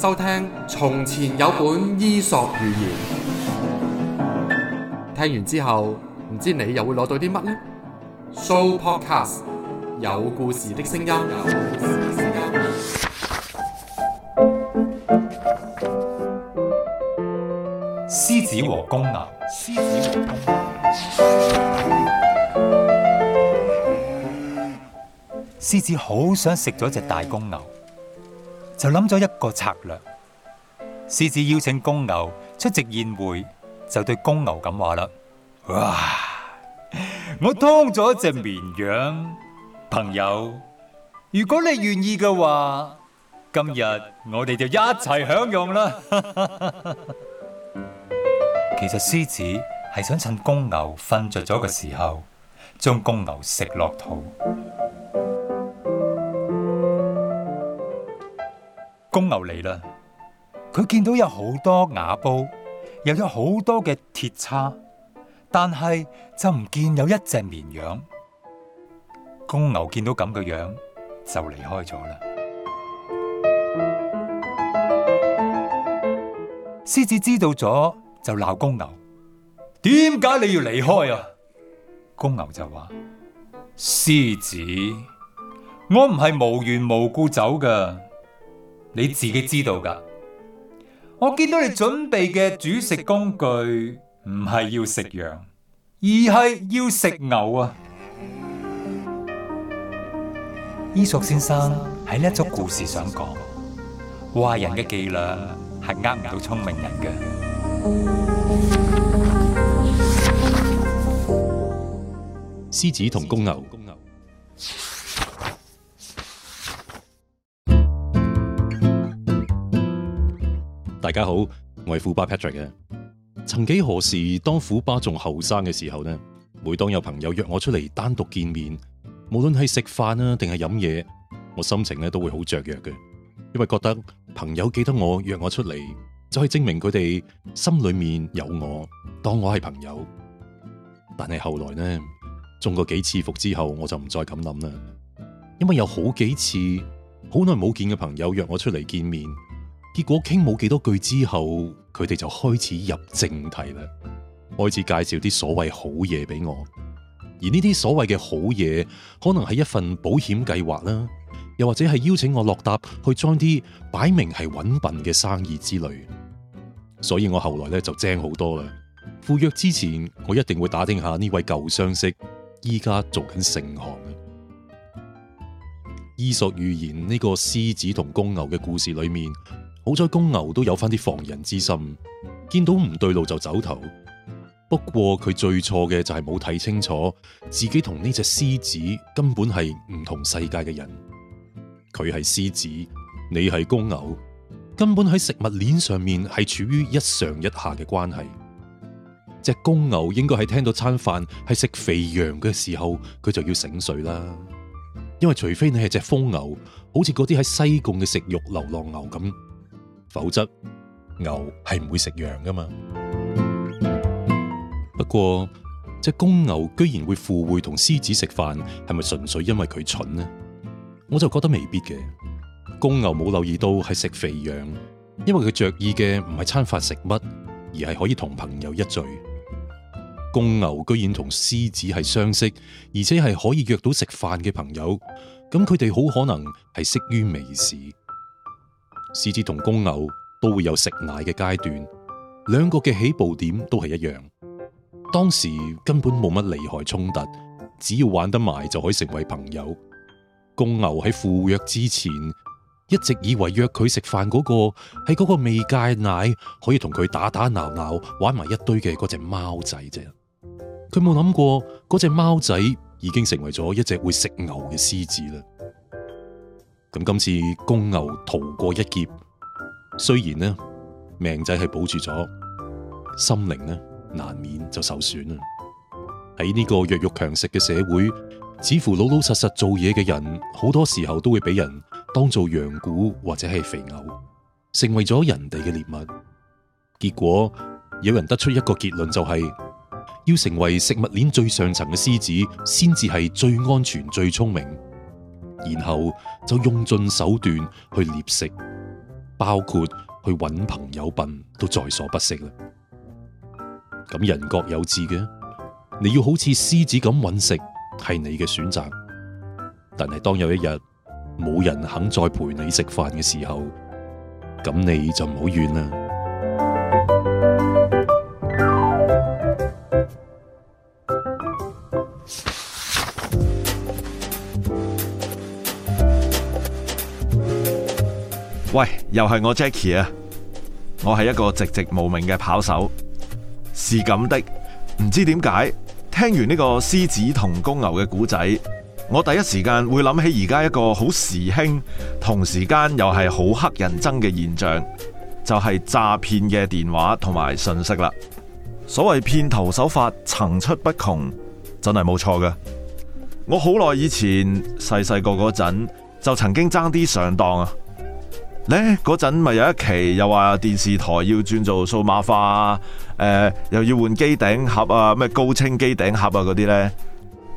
收聽從前有本伊索寓言，聽完之後唔知你又會攞到啲乜呢？Sooopodcast 有故事的聲音。有獅子和公牛，獅子和公牛，獅子好想食咗隻大公牛。就諗咗一個策略，獅子邀請公牛出席宴會，就對公牛咁話啦：哇，我劏咗一隻綿羊，朋友，如果你願意嘅話，今日我哋就一齊享用啦。其實獅子係想趁公牛瞓着咗嘅時候，將公牛食落肚。公牛嚟啦，佢見到有好多瓦煲，又有好多嘅鐵叉，但係就唔見有一隻綿羊。公牛見到咁嘅樣就離開咗啦。獅子知道咗就鬧公牛，點解你要離開啊？公牛就話：獅子，我唔係無緣無故走噶。你自己知道噶，我見到你準備嘅煮食工具唔係要食羊，而係要食牛啊！伊索先生喺呢一則故事想講，壞人嘅伎倆係呃唔到聰明人嘅。獅子同公牛。大家好，我是虎爸 Patrick 嘅。曾幾何時，當虎爸仲後生嘅時候呢，每當有朋友約我出嚟單獨見面，無論係食飯啊定係飲嘢，我心情呢都會好雀躍嘅，因為覺得朋友記得我約我出嚟，就係證明佢哋心裏面有我，當我係朋友。但係後來呢，中過幾次伏之後，我就唔再咁諗啦。因為有好幾次好耐冇見嘅朋友約我出嚟見面。結果傾冇幾多句之後，佢哋就開始入正題啦，開始介紹啲所謂好嘢俾我。而呢啲所謂嘅好嘢，可能係一份保險計劃啦，又或者係邀請我落搭去 join 啲擺明係穩笨嘅生意之類。所以我後來咧就精好多啦。赴約之前，我一定會打聽下呢位舊相識依家做緊盛行嘅。伊索寓言呢個獅子同公牛嘅故事裏面。好彩公牛都有翻啲防人之心，見到唔對路就走頭。不過佢最錯嘅就係冇睇清楚，自己同呢隻獅子根本係唔同世界嘅人。佢係獅子，你係公牛，根本喺食物鏈上面係處於一上一下嘅關係。隻公牛應該係聽到餐飯係食肥羊嘅時候，佢就要醒水啦。因為除非你係隻瘋牛，好似嗰啲喺西貢嘅食肉流浪牛咁。否則牛係唔會食羊噶嘛。不過，隻公牛居然會赴會同獅子食飯，係咪純粹因為佢蠢呢？我就覺得未必嘅。公牛冇留意到係食肥羊，因為佢着意嘅唔係餐飯食乜，而係可以同朋友一聚。公牛居然同獅子係相識，而且係可以約到食飯嘅朋友，咁佢哋好可能係識於微時。獅子同公牛都會有食奶嘅階段，兩個嘅起步點都係一樣。當時根本冇乜利害衝突，只要玩得埋就可以成為朋友。公牛喺赴約之前，一直以為約佢食飯嗰個係嗰個未戒奶可以同佢打打鬧鬧玩埋一堆嘅嗰隻貓仔啫。佢冇諗過嗰隻貓仔已經成為咗一隻會食牛嘅獅子啦。咁今次公牛逃過一劫，雖然呢命仔係保住咗，心靈呢難免就受損啦。喺呢個弱肉強食嘅社會，似乎老老實實做嘢嘅人，好多時候都會俾人當做羊股或者係肥牛，成為咗人哋嘅獵物。結果有人得出一個結論，就是，就係要成為食物鏈最上層嘅獅子，先至係最安全、最聰明。然後就用盡手段去獵食，包括去搵朋友笨，都在所不惜啦。咁人各有志嘅，你要好似獅子咁搵食係你嘅選擇。但係當有一日冇人肯再陪你食飯嘅時候，咁你就唔好怨啦。喂，又係我 Jacky 啊！我係一個寂寂無名嘅跑手，是咁的。唔知點解，聽完呢個獅子同公牛嘅故仔，我第一時間會諗起而家一個好時興，同時間又係好黑人憎嘅現象，就係詐騙嘅電話同埋信息啦。所謂騙徒手法層出不窮，真係冇錯㗎。我好耐以前細細個嗰陣就曾經爭啲上當啊！呢嗰陣咪有一期又話電視台要轉做數碼化啊，誒，呃，又要換機頂盒啊，咩高清機頂盒啊嗰啲呢。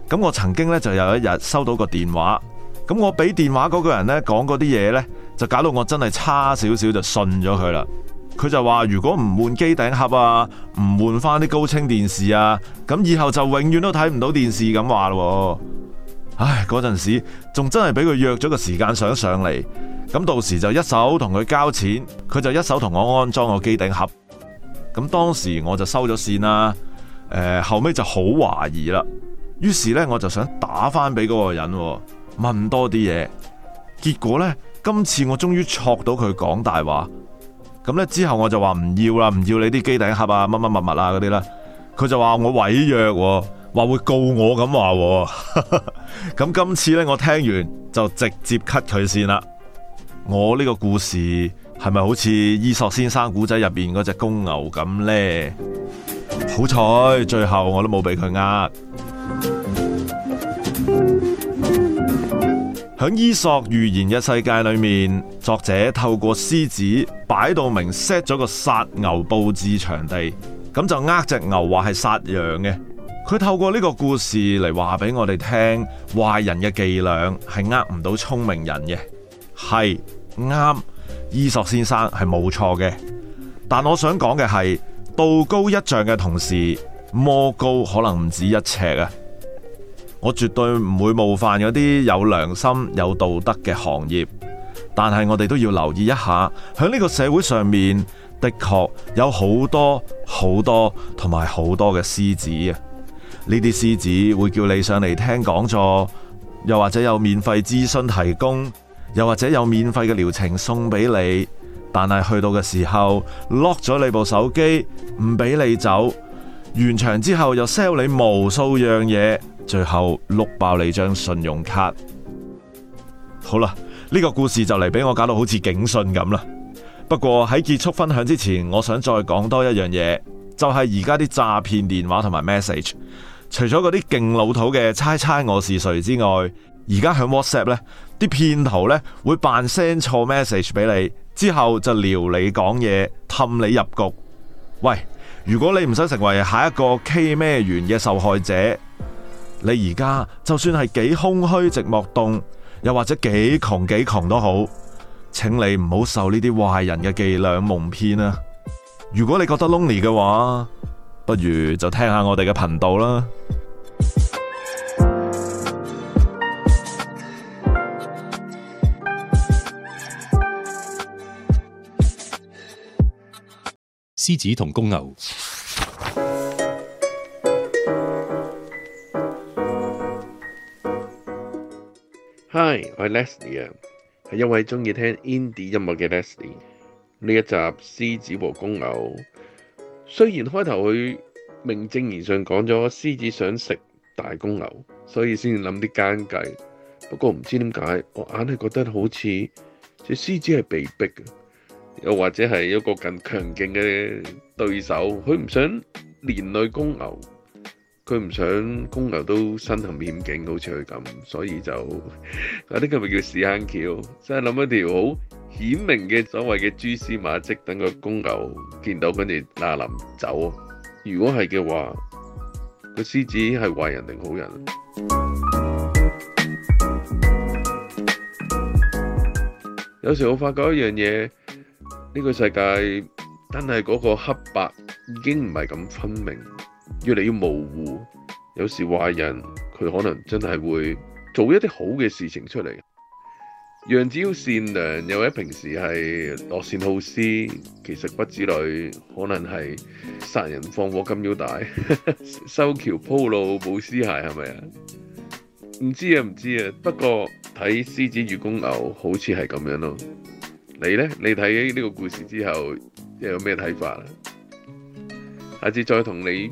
咁我曾經呢，就有一日收到個電話，咁我俾電話嗰個人呢，講嗰啲嘢呢，就搞到我真係差少少就信咗佢啦。佢就話如果唔換機頂盒啊，唔換翻啲高清電視啊，咁以後就永遠都睇唔到電視咁話咯。唉，嗰陣時仲真係俾佢約咗個時間上上嚟，咁到時就一手同佢交錢，佢就一手同我安裝個機頂盒。咁當時我就收咗線啦，呃，後尾就好懷疑啦。於是呢，我就想打翻俾嗰個人問多啲嘢。結果呢，今次我終於戳到佢講大話。咁呢之後我就話唔要啦，唔要你啲機頂盒啊，乜乜物物啊嗰啲啦。佢就話我違約。話會告我咁話，咁今次呢，我聽完就直接 cut 佢先啦。我呢個故事係咪好似伊索先生古仔入邊嗰隻公牛咁呢？好彩最後我都冇俾佢呃。響伊索寓言嘅世界裏面，作者透過獅子擺到明 set 咗個殺牛布置場地，咁就呃隻牛話係殺羊嘅。佢透過呢個故事嚟話俾我哋聽，壞人嘅伎倆係呃唔到聰明人嘅，係啱。伊索先生係冇錯嘅，但我想講嘅係道高一丈嘅同時，魔高可能唔止一尺啊。我絕對唔會冒犯嗰啲有良心、有道德嘅行業，但係我哋都要留意一下，響呢個社會上面的確有好多好多同埋好多嘅獅子啊。呢啲獅子會叫你上嚟聽講座，又或者有免費諮詢提供，又或者有免費嘅療程送俾你，但係去到嘅時候 lock 咗你部手機，唔俾你走，完場之後又 sell 你無數樣嘢，最後碌爆你張信用卡。好啦，呢個故事就嚟俾我搞到好似警訊咁啦。不過喺結束分享之前，我想再講多一樣嘢，就係而家啲詐騙電話同埋 message。除咗嗰啲勁老土嘅猜猜我是誰之外，而家喺 WhatsApp 呢啲騙徒呢，會扮 send 錯 message 俾你，之後就撩你講嘢，氹你入局。喂，如果你唔想成為下一個 K 咩元嘅受害者，你而家就算係幾空虛、寂寞、凍，又或者幾窮、幾窮都好，請你唔好受呢啲壞人嘅伎倆蒙騙啊！如果你覺得 lonely 嘅話，不如就聽下我哋嘅頻道啦。獅子同公牛。Hi，我係 Leslie 啊，係一位鍾意聽 Indie 音樂嘅 Leslie。呢一集獅子和公牛。雖然開頭佢名正言順講咗獅子想食大公牛，所以先諗啲奸計。不過唔知點解，我硬係覺得好似隻獅子係被逼嘅，又或者係一個更強勁嘅對手，佢唔想連累公牛。佢唔想公牛都身陷險境，好似佢咁，所以就嗰啲叫咪叫屎坑橋，即係諗一條好顯明嘅所謂嘅蛛絲馬跡，等個公牛見到跟住，嗱臨走。如果係嘅話，個獅子係壞人定好人？有時我發覺一樣嘢，呢個世界真係嗰個黑白已經唔係咁分明。越嚟越模糊，有時壞人佢可能真係會做一啲好嘅事情出嚟，樣子要善良，又喺平時係樂善好施，其實骨子裏可能係殺人放火金腰帶，修 橋鋪路冇屍骸，係咪啊？唔知啊，唔知啊，不過睇獅子與公牛好似係咁樣咯。你呢？你睇呢個故事之後又有咩睇法啊？下次再同你。